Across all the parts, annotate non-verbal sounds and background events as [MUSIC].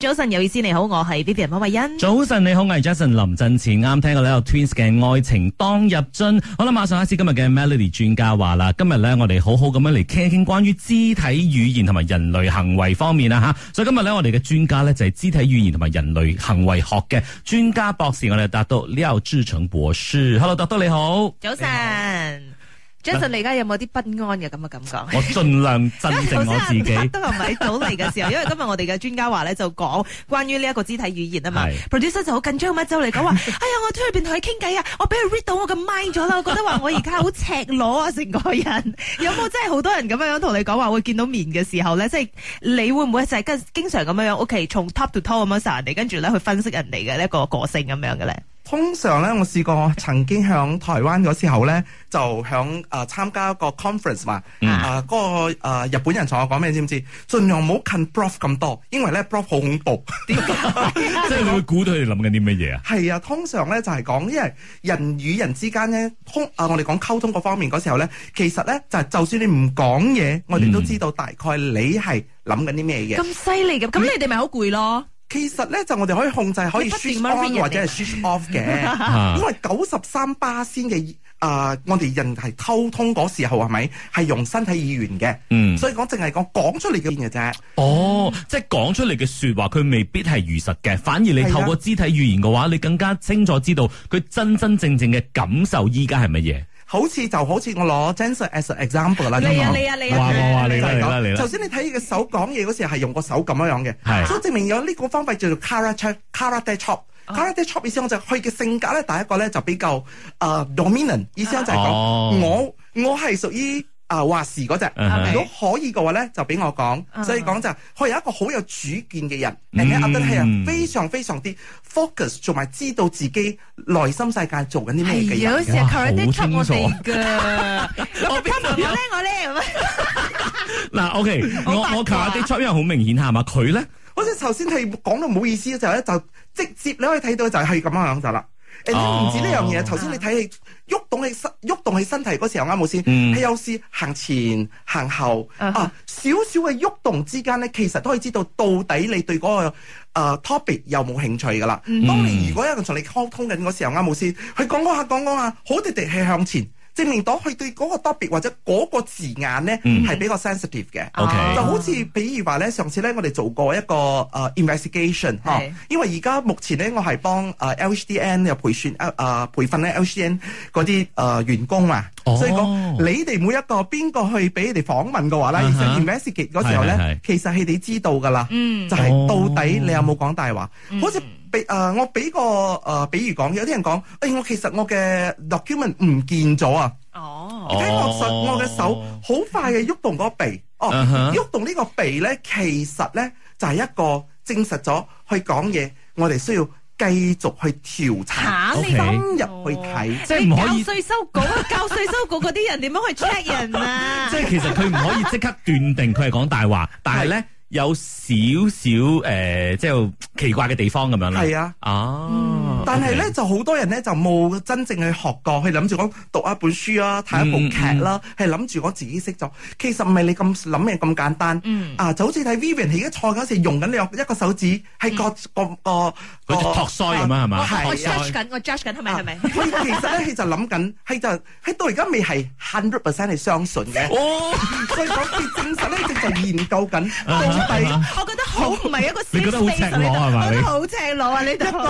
早晨，有意思，你好，我係 B B R 馬慧欣。早晨，你好，我係 Jason 林振前。啱聽過呢個 Twins 嘅愛情當入樽，好啦，馬上開始今日嘅 Melody 專家話啦。今日咧，我哋好好咁樣嚟傾一傾關於肢體語言同埋人類行為方面啦吓。所以今日咧，我哋嘅專家咧就係、是、肢體語言同埋人類行為學嘅專家博士，我哋拿督呢廖志誠博士。Hello，拿督你好，早晨。早晨 Jason，你而家有冇啲不安嘅咁嘅感覺？我盡量鎮定我自己。 [LAUGHS] 都係咪早嚟嘅時候？ [LAUGHS] 因為今日我哋嘅專家話咧，就講關於呢一個肢體語言啊嘛。是 Producer 就好緊張，乜就嚟講話， [LAUGHS] 哎呀，我出去邊同佢傾偈啊，我俾佢 read 到我個 mind 咗啦，我覺得話我而家好赤裸啊，成個人。 [LAUGHS] 有冇真係好多人咁樣樣同你講話？會見到面嘅時候咧，即係你會唔會就係跟經常咁樣樣？OK，從 top to toe 咁樣 search 人哋，跟住咧去分析人哋嘅呢一個個性咁樣嘅咧？通常咧，我試過曾經響台灣嗰時候咧，就響誒參加一個 conference 嘛、嗯。誒嗰、啊那個、呃、日本人同我講咩，你知唔知？盡量唔好近 brow 咁多，因為咧 brow 好恐怖。點解？ [LAUGHS] [LAUGHS] 即係你會估到佢哋諗緊啲咩嘢啊？係、 [LAUGHS] 嗯、啊，通常咧就係講，因為人與人之間咧溝誒，我哋講溝通嗰方面嗰時候咧，其實咧就係就算你唔講嘢，我哋都知道大概你係諗緊啲咩嘢。咁犀利嘅，咁、嗯、你哋咪好攰咯？嗯其實咧就我哋可以控制，可以 switch on 或者係 switch off 嘅， [LAUGHS] 因為九十三巴仙嘅啊，我哋人係溝通嗰時候係咪係用身體語言嘅？嗯，所以講淨係講講出嚟嘅嘅啫。哦，即係講出嚟嘅說話，佢未必係如實嘅，反而你透過肢體語言嘅話，的你更加清楚知道佢真真正正嘅感受依家係乜嘢。好似就好似我攞 Jenson as an example 啦，你啊你啊哇哇！你嚟啦，你啦，首先你睇佢嘅手講嘢嗰時係用個手咁樣樣嘅，係、啊，所以證明咗呢個方法叫做 character type character type 意思我就佢嘅性格咧，第一個咧就比較誒、uh, dominant，意思就係講、oh. 我我係屬於。啊話事嗰隻，如果可以嘅話咧，就俾我講。所以講就，佢有一個好有主見嘅人，而且阿德係啊非常非常啲 focus，同埋知道自己內心世界做緊啲咩嘅嘢。人。好清楚啊！嗱，OK，我我琴日啲 check 因為好明顯係嘛，佢咧好似頭先係講到唔好意思嘅時候咧，就直接你可以睇到就係咁樣啦，就啦。誒，唔止呢樣嘢，頭先你睇起。喐動你身，喐動你身體時候啱冇先，係、嗯、有時行前行後、uh huh. 啊，少少嘅喐動之間咧，其實都可以知道到底你對、嗰個誒、呃、topic 有冇興趣噶啦。嗯、當你如果有人同你溝通緊時候啱冇先，佢講講下講講下，好哋哋係向前。證明到佢對嗰個特別或者嗰個字眼咧，係比較 sensitive 嘅。就好似比如話咧，上次咧我哋做過一個誒 investigation 嚇，因為而家目前咧我係幫誒 LHDN 又培訓誒誒培訓咧 LHDN 嗰啲誒員工啊。所以講你哋每一個邊個去俾你哋訪問嘅話咧，investigate 嗰時候咧，其實係你知道噶啦，就係到底你有冇講大話，或者？俾啊！我俾個誒，比如講，有啲人講，誒，我其實我嘅 document 唔見咗啊！哦，睇我手，我嘅手好快嘅喐動個鼻，哦，喐動呢個鼻咧，其實咧就係一個證實咗去講嘢，我哋需要繼續去調查你深入去睇，即係唔可以。稅收局交稅收局嗰啲人點樣去 check 人啊？即係其實佢唔可以即刻斷定佢係講大話，但係咧。有少少誒、呃，即係奇怪嘅地方咁樣啦。係啊，哦、啊，嗯、但係咧 Okay. 就好多人咧就冇真正去學過，去諗住講讀一本書啦，睇一部劇啦，係諗住我自己識咗。其實唔係你咁諗嘅咁簡單。嗯，啊，就好似睇 Vivian，佢而家錯時，用緊你一個手指，係個個個。嗯個托腮咁樣係嘛？我 judge 緊，我 judge 緊係咪係咪？佢其實咧，佢就諗緊，佢就佢到而家未係 hundred percent 係相信嘅。哦，所以講，其實咧一就研究緊，到底我覺得好唔係一個你覺得好赤裸係嘛？好赤裸啊！呢個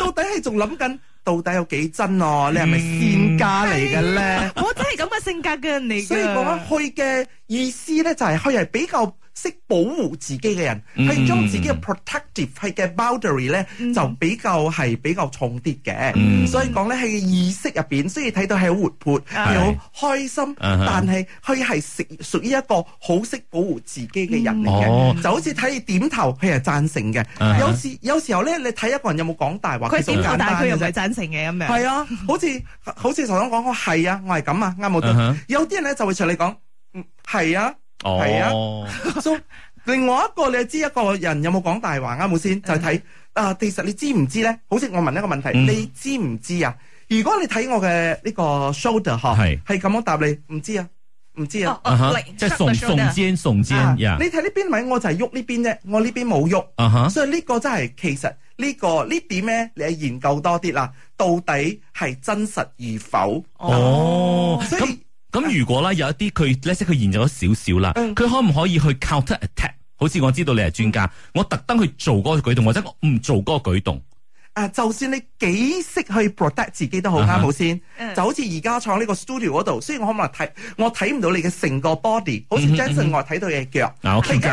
到底係仲諗緊，到底有幾真哦？你係咪線家嚟嘅咧？我真係咁嘅性格嘅人嚟。所以講，佢嘅意思咧就係佢係比較。識保護自己嘅人，係將自己嘅 protective 係嘅 boundary 咧，就比較係比較重啲嘅。所以講咧，喺意識入邊，雖然睇到係好活潑，係好開心。但係佢係屬屬於一個好識保護自己嘅人嚟嘅。就好似睇點頭，佢係贊成嘅。有時有時候咧，你睇一個人有冇講大話？佢點頭，但佢又唔係贊成嘅咁樣。係啊，好似好似頭先講，我係啊，我係咁啊，啱冇錯。有啲人咧就會似你講，係啊。係啊，另外一個你係知一個人有冇講大話啱冇先，就係睇啊。其實你知唔知咧？好似我問一個問題，你知唔知啊？如果你睇我嘅呢個 shoulder 嗬，係係咁樣答你，唔知啊，唔知啊，即係聳肩，聳肩啊，你睇呢邊咪，我就係喐呢邊啫，我呢邊冇喐，所以呢個真係，其實呢個呢點咧，你係研究多啲啦，到底係真實與否？哦，咁。咁如果咧有一啲佢，你識佢研究咗少少啦，佢可唔可以去 counter attack？好似我知道你係專家，我特登去做嗰個舉動，或者我唔做嗰個舉動。誒，就算你幾識去 protect 自己都好啱，好先。就好似而家創呢個 studio 嗰度，雖然我可唔可能睇，我睇唔到你嘅成個 body，好似 Jason 我睇到你嘅腳，即刻，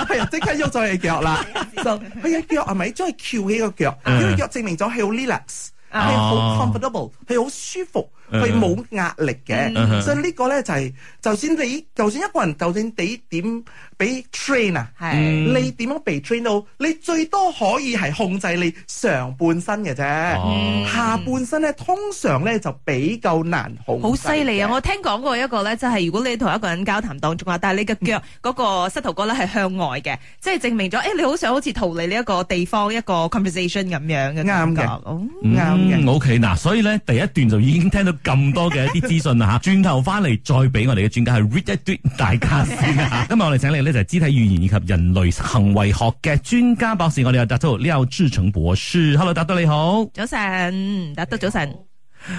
係啊，即刻喐咗你嘅腳啦，就佢嘅腳係咪再翹起個腳？因為腳證明咗係好 relax，係好 comfortable，係好舒服。佢冇壓力嘅，所以呢個咧就係、是、就算你，就算一個人，就算你點。你俾 train 啊，trainer，嗯、你點樣被 train 到？你最多可以係控制你上半身嘅啫，嗯、下半身咧通常咧就比較難控制。好犀利啊！我聽講過一個咧，就係如果你同一個人交談當中啊，但係你嘅腳、嗯、個膝頭哥咧係向外嘅，即係證明咗誒、欸、你好想好似逃離呢一個地方一個 conversation 咁樣嘅感覺，啱嘅，啱嘅的。O K 嗱，所以咧第一段就已經聽到咁多嘅一啲資訊啦吓轉頭翻嚟再俾我哋嘅專家係 read 一讀大家先啊！ [LAUGHS] 今日我哋請你。就係肢體語言以及人類行為學嘅專家博士，我哋有拿督廖志誠博士。Hello，拿督你好，早晨，拿督早晨。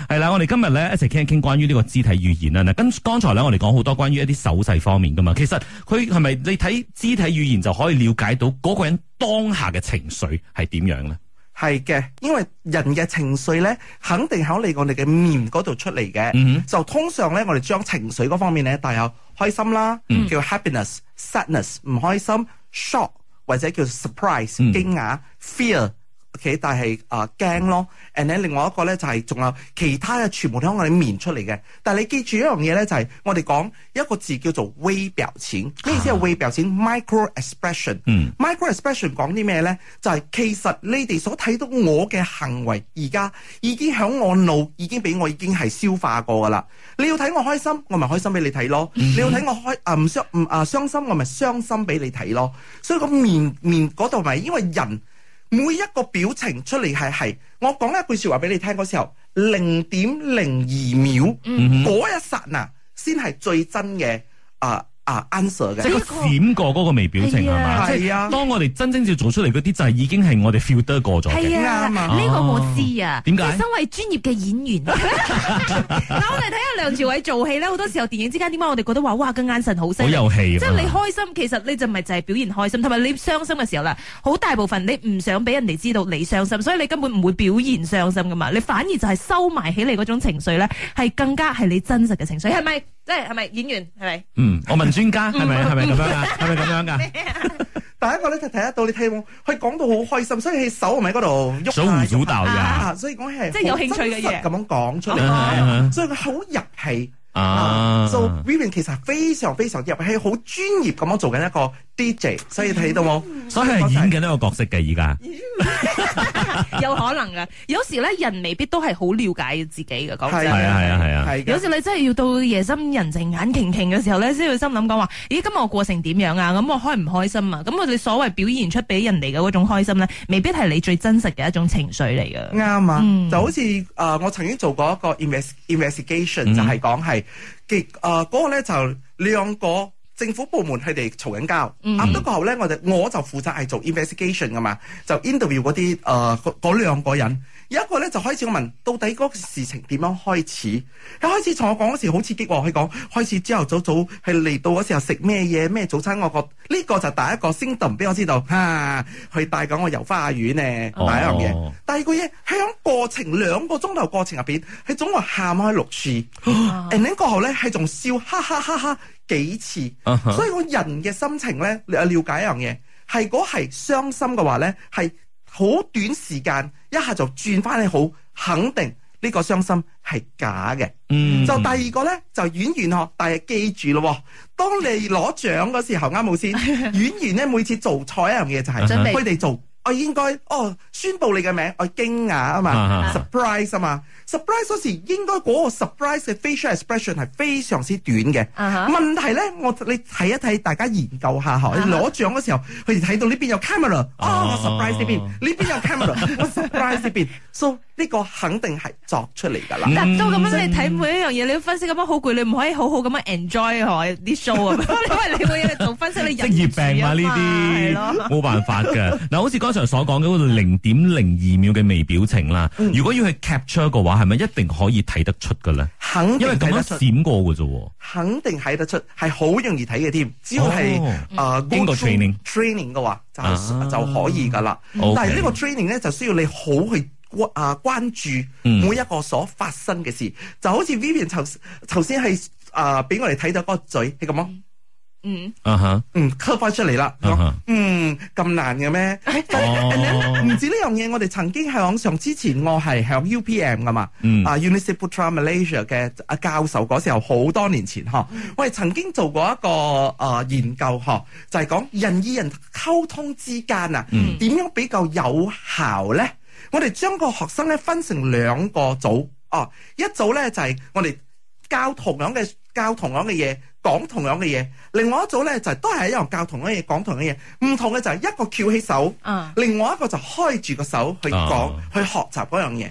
係啦，我哋今日咧一齊傾一傾關於呢個肢體語言啊。嗱，咁剛才咧我哋講好多關於一啲手勢方面噶嘛，其實佢係咪你睇肢體語言就可以了解到嗰個人當下嘅情緒係點樣咧？係嘅，因為人嘅情緒咧，肯定喺你我哋嘅面嗰度出嚟嘅，mm hmm. 就通常咧，我哋將情緒嗰方面咧，帶有開心啦，mm hmm. 叫 happiness、sadness，唔開心，shock 或者叫 surprise，驚訝、mm hmm.，fear。o 但係啊，驚咯，and 咧，另外一個咧就係、是、仲有其他嘅，全部都響我哋面出嚟嘅。但係你記住一樣嘢咧，就係、是、我哋講一個字叫做 w 微表情，咩、啊、意思啊？微表情 （micro expression），micro、嗯、expression 講啲咩咧？就係、是、其實你哋所睇到我嘅行為，而家已經響我腦，已經俾我已經係消化過噶啦。你要睇我開心，我咪開心俾你睇咯；嗯、哼你要睇我開啊唔傷唔啊傷心，我咪傷心俾你睇咯。所以個面面嗰度咪因為人。每一個表情出嚟係係，我講一句說話俾你聽嗰時候，零點零二秒嗰、嗯、哼，一剎那，先係最真嘅啊！呃啊，answer 嘅，閃過嗰個微表情係嘛，即係當我哋真正要做出嚟嗰啲就係已經係我哋 feel 得過咗嘅嘛。呢個我知啊，點解？身為專業嘅演員，嗱我哋睇下梁朝偉做戲咧，好多時候電影之間點解我哋覺得話哇個眼神好犀利，好有戲，即係你開心其實你就咪就係表現開心，同埋你傷心嘅時候啦，好大部分你唔想俾人哋知道你傷心，所以你根本唔會表現傷心噶嘛，你反而就係收埋起你嗰種情緒咧，係更加係你真實嘅情緒，係咪？即係係咪演員係咪？是是嗯，我問專家係咪係咪咁樣噶、啊？係咪咁樣噶、啊？第一個咧就睇得到，你睇望佢講到好開心，所以喺手唔喺嗰度喐，手唔舞蹈嘅，啊、所以講係即係有興趣嘅嘢咁樣講出嚟，所以佢好入戲啊。啊啊所以 William 其實非常非常入戲，好專業咁樣做緊一個。DJ 所以睇到冇？所以係演嘅呢個角色嘅而家， [LAUGHS] [LAUGHS] 有可能啊。有時咧，人未必都係好了解自己嘅。講真係啊係啊係啊，有時你真係要到夜深人靜眼光光嘅時候咧，先會心諗講話：咦，今日我過成點樣啊？咁我開唔開心啊？咁我哋所謂表現出俾人哋嘅嗰種開心咧，未必係你最真實嘅一種情緒嚟嘅。啱啊，嗯、就好似啊、呃，我曾經做過一個 investigation 就係講係極啊，嗯呃嗰個咧就呢兩個。政府部門佢哋嘈緊交，咁不過後咧，我就我就負責係做 investigation 噶嘛，就 interview 嗰啲誒嗰兩個人，有一個咧就開始我問到底嗰個事情點樣開始，一開始同我講嗰時好刺激喎，佢講開始朝頭早早係嚟到嗰時候食咩嘢咩早餐，我覺呢、這個就第一個星唔俾我知道，吓、啊，佢帶緊我遊花園咧，第一樣嘢，哦、第二個嘢喺過程兩個鐘頭過程入邊，佢總係喊開六次，ending 過後咧係仲笑哈哈哈哈。幾次，uh huh. 所以我人嘅心情咧，你了解一樣嘢，係嗰係傷心嘅話咧，係好短時間，一下就轉翻去好肯定呢個傷心係假嘅。嗯、mm，hmm. 就第二個咧就演員嗬，但係記住咯，當你攞獎嗰時候啱冇 [LAUGHS] 先，演員咧每次做錯一樣嘢就係佢哋做。我應該哦，宣布你嘅名，我驚訝啊嘛，surprise 啊嘛，surprise 嗰時應該嗰個 surprise 嘅 facial expression 係非常之短嘅。問題咧，我你睇一睇，大家研究下嚇，你攞獎嗰時候，佢哋睇到呢邊有 camera，啊，我 surprise 呢邊，呢邊有 camera，我 surprise 呢邊，So 呢個肯定係作出嚟㗎啦。但係都咁樣你睇每一樣嘢，你分析咁樣好攰，你唔可以好好咁樣 enjoy 呢啲 show 啊嘛，因為你會做分析，你職業病嘛呢啲，冇辦法㗎。嗱，好似講。通常所講嘅嗰個零點零二秒嘅微表情啦，如果要去 capture 嘅話，係咪一定可以睇得出㗎咧？肯定睇得出，因為咁樣閃過㗎啫。肯定睇得出，係好容易睇嘅添。只要係啊經過 training 嘅話，就、啊、就可以噶啦。但係呢個 training 咧，就需要你好去啊關注每一個所發生嘅事。嗯、就好似 Vivian 頭先係啊俾、呃、我哋睇到個嘴，係咁啊。嗯嗯，啊哈、uh，huh. uh huh. 嗯，cut 返出嚟啦，嗯，咁難嘅咩？唔止呢樣嘢，我哋曾經喺網上之前我，我係喺 UPM 噶嘛，啊、huh. uh,，Universiti Putra Malaysia 嘅啊教授嗰時候好多年前呵，uh huh. 我哋曾經做過一個誒、呃、研究呵，就係、是、講人與人溝通之間啊，點、uh huh. 樣比較有效咧？我哋將個學生咧分成兩個組，哦、啊，一組咧就係我哋。教同樣嘅教同樣嘅嘢，講同樣嘅嘢。另外一組咧就係、是、都係一樣教同樣嘢講同樣嘢，唔同嘅就係一個翹起手，uh. 另外一個就開住個手去講、uh. 去學習嗰樣嘢。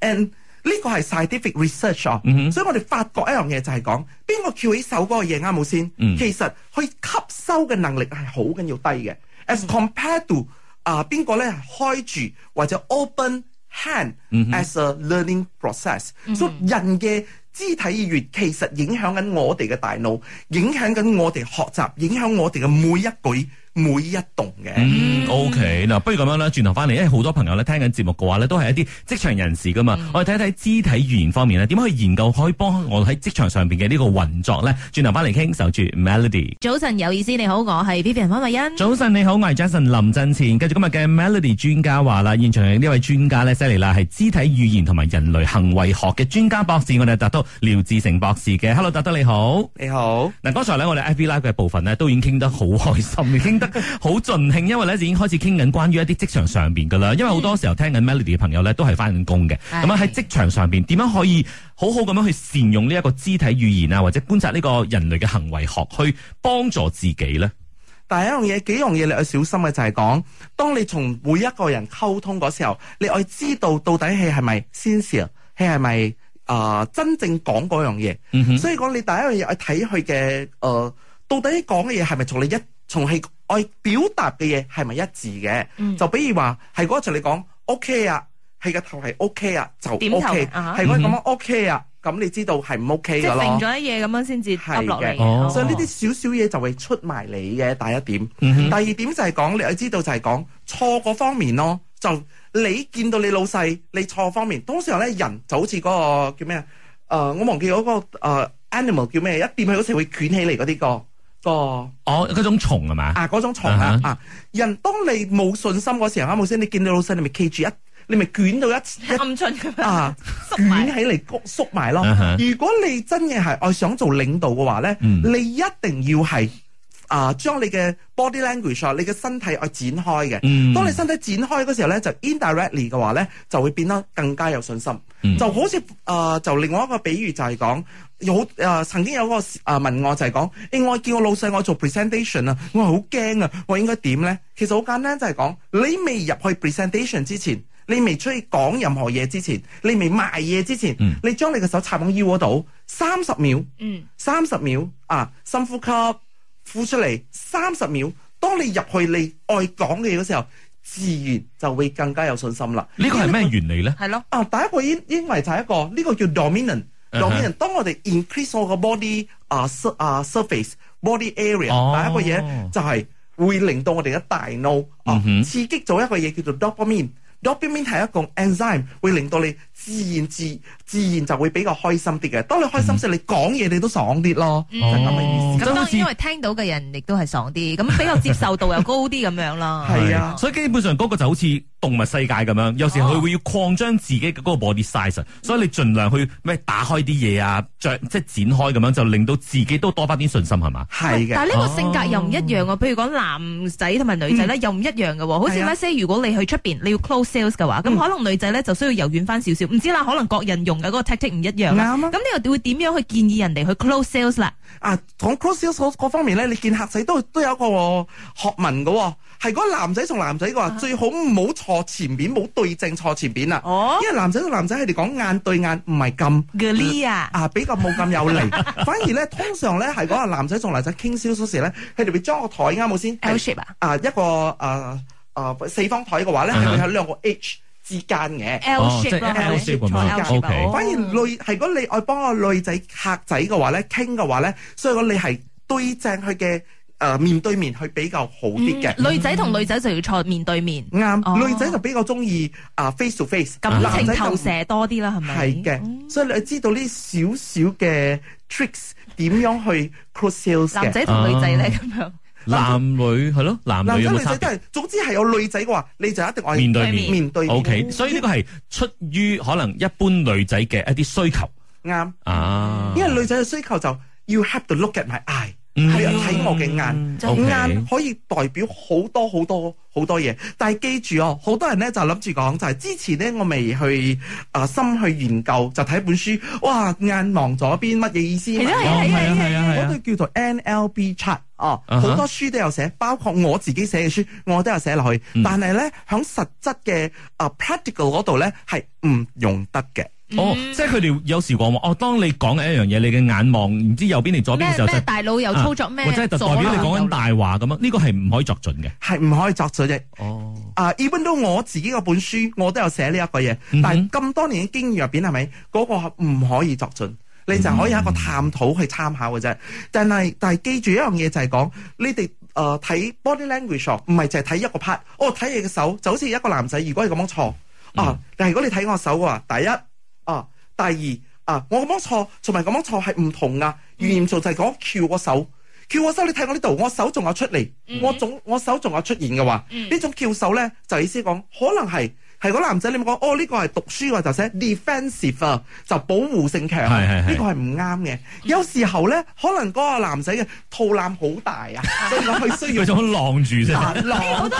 and 呢個係 scientific research，mm hmm. 所以我哋發覺一樣嘢就係講邊個翹起手嗰個嘢啱冇先，mm hmm. 其實佢吸收嘅能力係好緊要低嘅。as compared to 啊邊個咧開住或者 open hand as a learning process，所以、mm hmm. so, 人嘅。肢體語言其實影響緊我哋嘅大腦，影響緊我哋學習，影響我哋嘅每一舉。每一棟嘅，OK 嗱，嗯、okay，不如咁樣啦，轉頭翻嚟，因為好多朋友咧聽緊節目嘅話咧，都係一啲職場人士噶嘛，嗯、我哋睇一睇肢體語言方面咧，點樣去研究可以幫我喺職場上邊嘅呢個運作咧？轉頭翻嚟傾，守住 Melody。早晨有意思，你好，我係 Vivian 方慧欣。早晨你好，我係 Jason 林振前。繼續今日嘅 Melody 專家話啦，現場呢位專家咧，犀利啦，係肢體語言同埋人類行為學嘅專家博士，我哋係拿督廖志誠博士嘅。Hello 拿督，你好，你好。嗱剛好才咧我哋 FB Live 嘅部分呢，都已經傾得好開心，傾。 [LAUGHS] 好盡興，因為咧已經開始傾緊關於一啲職場上邊噶啦。因為好多時候聽緊 Melody 嘅朋友咧都係翻緊工嘅。咁啊喺職場上邊，點樣可以好好咁樣去善用呢一個肢體語言啊，或者觀察呢個人類嘅行為學，去幫助自己咧？第一樣嘢，幾樣嘢你要小心嘅就係講，當你從每一個人溝通嗰時候，你要知道到底係係咪 sincere 係係咪啊真正講嗰樣嘢。Hmm. 所以講你第一樣嘢睇佢嘅誒，到底講嘅嘢係咪同你一？從係愛表達嘅嘢係咪一致嘅？嗯、就比如話係嗰個，就你講 O K 啊，係個頭係 O K 啊，就 O K，係嗰個咁樣 O、OK、K 啊，咁你知道係唔 O K 噶咯？即定咗嘢咁樣先至耷落嚟，所以呢啲少少嘢就會出埋你嘅第一點。嗯、哼第二點就係講你知道就係講錯嗰方面咯，就你見到你老細你錯方面，當時咧人就好似嗰、那個叫咩啊？誒、呃，我忘記嗰、那個誒 animal、呃、叫咩，一掂佢好似會捲起嚟嗰啲個。個哦，嗰種蟲係嘛？啊，嗰種蟲啊！Uh huh. 啊，人當你冇信心嗰時候啱冇先，你見到老細你咪企住一，你咪捲到一沉進噶嘛？啊，捲起嚟谷縮埋咯。如果你真嘅係愛想做領導嘅話咧，uh huh. 你一定要係。啊！將你嘅 body language，你嘅身體去展開嘅。Mm. 當你身體展開嗰時候咧，就 indirectly 嘅話咧，就會變得更加有信心。Mm. 就好似啊、呃，就另外一個比喻就係講有啊、呃，曾經有個啊問我就係講誒，我叫我老細我做 presentation 啊，我係好驚啊，我應該點咧？其實好簡單就，就係講你未入去 presentation 之前，你未出去講任何嘢之前，你未賣嘢之前，mm. 你將你嘅手插喺腰嗰度三十秒，嗯，三十秒啊，深呼吸。付出嚟三十秒，當你入去你愛講嘅嘢嘅時候，自然就會更加有信心啦。呢個係咩原理咧？係為咯。啊、呃，第一個因因為就係一個呢、這個叫 dominant dominant、uh。Huh. 當我哋 increase 我個 body 啊、uh, 啊 surface body area，第、uh huh. 一個嘢就係、是、會令到我哋嘅大腦啊刺激咗一個嘢叫做 dopamine。咁邊邊係一個 enzyme 會令到你自然自自然就會比較開心啲嘅。當你開心時，嗯、你講嘢你都爽啲咯，就咁嘅、嗯、意思。咁當然因為聽到嘅人亦都係爽啲，咁 [LAUGHS] 比較接受度又高啲咁樣咯。係啊，所以基本上嗰個就好似動物世界咁樣，有時佢會要擴張自己嘅嗰個 body size，、哦、所以你盡量去咩打開啲嘢啊，即係展開咁樣，就令到自己都多翻啲信心係嘛？係嘅。的哦、但係呢個性格又唔一樣啊，譬如講男仔同埋女仔咧、嗯、又唔一樣嘅喎，好似有些如果你去出邊你要 close。sales 嘅話，咁可能女仔咧就需要柔軟翻少少，唔知啦，可能各人用嘅嗰、嗰個 tactic 唔一樣。啱咁、嗯、你又會點樣去建議人哋去 close sales 啦？啊，講 close sales 嗰方面咧，你見客仔都都有一個學問嘅，係嗰男仔同男仔嘅話，最好唔好坐前面，冇、啊、對正坐前邊啦。哦，因為男仔同男仔佢哋講眼對眼唔係咁。g a l 啊，比較冇咁有，有利。 [LAUGHS] 反而咧通常咧係嗰個男仔同男仔傾 sales 時咧，佢哋會裝個台啱冇先。L shape 啊，一個誒。啊啊，四方枱嘅話咧，係會喺兩個 H 之間嘅，L shape 錯，L shape 反而女係，如果你愛幫個女仔客仔嘅話咧，傾嘅話咧，所以你係對正佢嘅誒面對面去比較好啲嘅。女仔同女仔就要坐面對面，啱。女仔就比較中意啊 face to face，感情投射多啲啦，係咪？係嘅，所以你知道呢少少嘅 tricks 點樣去 cross sales。男仔同女仔咧咁樣。男，男女係咯，男女有差別。總之係有女仔嘅話，你就一定愛面對面。O Okay , K，所以呢個係出於可能一般女仔嘅一啲需求。啱對，啊、因為女仔嘅需求就要、是、you have to look at my eye。係睇、嗯、我嘅眼，嗯 okay、眼可以代表好多好多好多嘢。但係記住哦，好多人咧就諗住講就係、是、之前咧我未去啊、呃、心去研究，就睇本書，哇眼望咗邊乜嘢意思？係啊係係啊，嗰個、啊啊啊啊、叫做 NLB chat 哦，好、uh huh. 多書都有寫，包括我自己寫嘅書，我都有寫落去。但係咧響實質嘅啊 practical 度咧係唔用得嘅。哦，嗯、即係佢哋有時講話，哦，當你講緊一樣嘢，你嘅眼望唔知右邊定左邊嘅時候，即係大佬又操作咩？啊、麼或者代，代表你講緊大話咁啊？呢、這個係唔可以作準嘅，係唔可以作準啫。哦，啊，even 到我自己嗰本書，我都有寫呢一個嘢，嗯、哼但係咁多年嘅經驗入邊，係咪嗰個唔可以作準？你就可以一個探討去參考嘅啫，、嗯。但係但係記住一樣嘢就係講，你哋誒睇 body language 唔係淨係睇一個 part，哦睇你嘅手，就好似一個男仔，如果係咁樣坐啊，嗯、但係如果你睇我手嘅話，第一。第一第二啊，我咁樣坐同埋咁樣坐係唔同啊，最嚴重就係講翹個手，翹個手，手你睇我呢度，我手仲有出嚟，我總我手仲有出現嘅話，種呢種翹手咧就意思講可能係。係嗰男仔，你咪講哦？呢、這個係讀書嘅話就寫 defensive 啊，就, ensive, 就保護性強。係係呢個係唔啱嘅。有時候咧，可能嗰個男仔嘅肚腩好大啊，所以佢需要咁浪住先。好多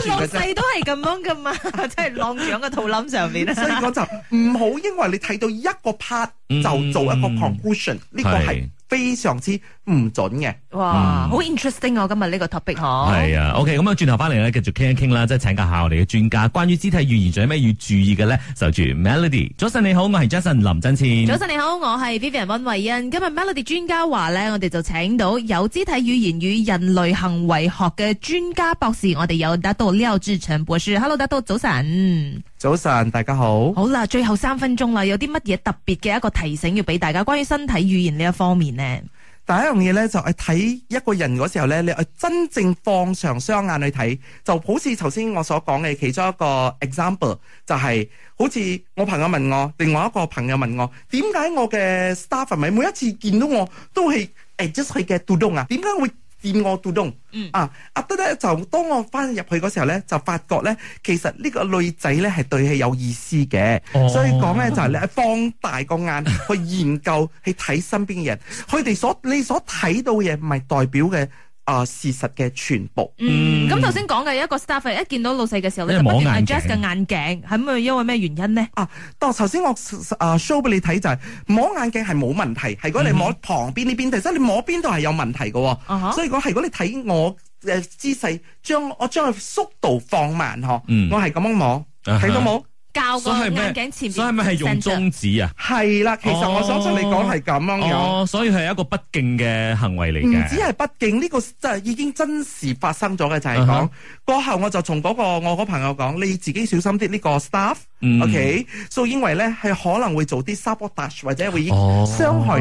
老細都係咁樣噶嘛，即係浪住喺個肚腩上面。咧。所以我就唔好因為你睇到一個 part 就做一個 conclusion，呢個係、嗯。嗯非常之唔準嘅，哇，好 interesting！我今日呢個 topic 嗬，係啊，OK，咁啊，轉頭翻嚟咧，繼、啊 okay, 續傾一傾啦，即係請教下我哋嘅專家，關於肢體語言仲有咩要注意嘅咧？受住 Melody，早晨你好，我係 Jason 林真千，早晨你好，我係 Vivian 溫慧欣。今日 Melody 專家話咧，我哋就請到有肢體語言與人類行為學嘅專家博士，我哋有拿督呢個主場播署。Hello，拿督，早晨。早晨，大家好。好啦，最後三分鐘啦，有啲乜嘢特別嘅一個提醒，要俾大家，關於身體語言呢一方面咧。第一樣嘢咧就係睇一個人時候咧，你誒真正放長雙眼去睇，就好似頭先我所講嘅其中一個 example，就係好似我朋友問我，另外一個朋友問我，點解我嘅 staff 咪每一次見到我都係誒 just 係嘅 do do 啊？點解會？掂我到窿啊！阿得咧就當我翻入去嗰時候咧，就發覺咧，其實呢個女仔咧係對佢有意思嘅。哦、所以講咧就係你係放大個眼去研究 [LAUGHS] 去睇身邊嘅人，佢哋所你所睇到嘅嘢唔係代表嘅。啊、呃！事實嘅全部。嗯，咁頭先講嘅一個 staff，一見到老細嘅時候，你摸眼鏡，摸眼鏡係咪因為咩原因咧？啊，當頭先我啊 show 俾你睇就係摸眼鏡係冇問題，係如果你摸旁邊呢邊，即係你摸邊度係有問題嘅。啊哈所以講係如果你睇我誒姿勢，將我將佢速度放慢，嗬、嗯。我係咁樣摸，睇到冇？啊教嗰眼鏡前，所以咪係用中指啊？係啦，其實我想信你講係咁樣，所以係一個不敬嘅行為嚟嘅。唔止係不敬，呢個就係已經真實發生咗嘅，就係講過後，我就從嗰個我個朋友講，你自己小心啲呢個 staff，OK，所以因為咧係可能會做啲 sabotage 或者會傷害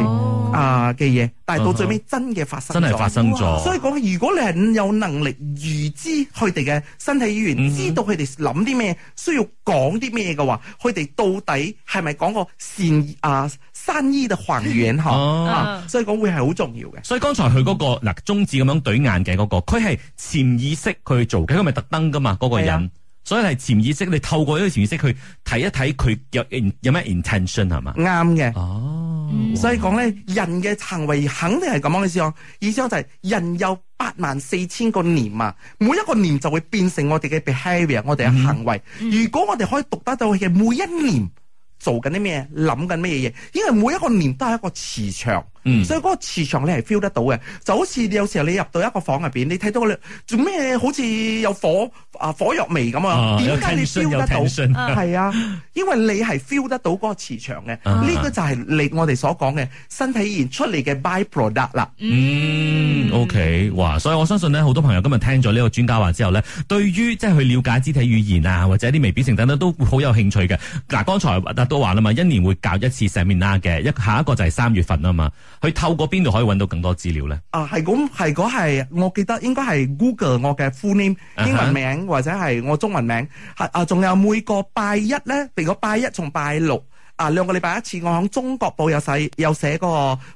啊嘅嘢，但係到最尾真嘅發生，真係發生咗。所以講，如果你係有能力預知佢哋嘅身體語言，知道佢哋諗啲咩，需要講啲咩。嘢嘅話，佢哋到底係咪講個善啊、生意嘅宏遠？嗬、哦啊，所以講會係好重要嘅。所以剛才佢嗰、那個嗱，中指咁樣對眼嘅嗰、那個，佢係潛意識去做嘅，佢咪特登噶嘛？嗰、那個人，啊、所以係潛意識，你透過呢個潛意識去睇一睇佢有有咩 intention 係嘛？啱嘅的。哦。所以講咧，人嘅行為肯定係咁，我哋思過。意思就係人有八萬四千個年啊，每一個年就會變成我哋嘅 behavior，我哋嘅行為。如果我哋可以讀得到嘅每一年做緊啲咩，諗緊乜嘢嘢，因為每一個年都係一個磁場。嗯、所以嗰個磁場你係 feel 得到嘅，就好似你有時候你入到一個房入邊，你睇到你做咩好似有火啊，火藥味咁啊，點解、啊、你 feel 得到？係啊，因為你係 feel 得到嗰個磁場嘅，呢、啊、個就係你我哋所講嘅身體現出嚟嘅 byproduct 啦。嗯、嗯，OK，哇，所以我相信咧，好多朋友今日聽咗呢個專家話之後咧，對於即係去了解肢體語言啊，或者啲微表情等等，都好有興趣嘅。嗱，剛才拿督話啦嘛，一年會教一次 seminar 嘅，一下一個就係三月份啊嘛。佢透過邊度可以揾到更多資料咧？啊，係咁，係嗰係，我記得應該係 Google 我嘅 full name 英文名或者係我中文名啊，仲有每個拜一咧，譬如果拜一同拜六啊，兩個禮拜一次，我喺中國報有寫有寫個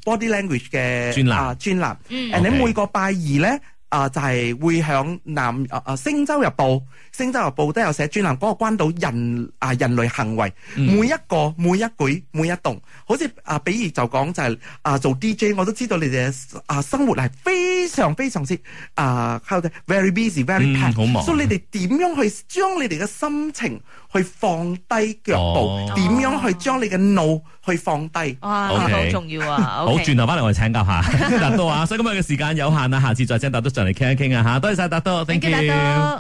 body language 嘅專欄啊，專欄，嗯，誒，你每個拜二咧。啊，就係會響南啊啊，《星洲日報》《星洲日報》都有寫專欄，講個關島人啊人類行為，每一個每一舉每一動，好似啊，比如就講就係啊做 DJ，我都知道你哋嘅啊生活係非常非常之啊，very busy，very packed，好忙。所以你哋點樣去將你哋嘅心情去放低腳步，點、哦、樣去將你嘅腦去放低？哇，好重要啊！好，轉頭翻嚟我哋請教下 [LAUGHS] 達多啊！所以今日嘅時間有限啊，下次再請達多上嚟傾一傾啊！嚇，多謝曬達多，Thank you。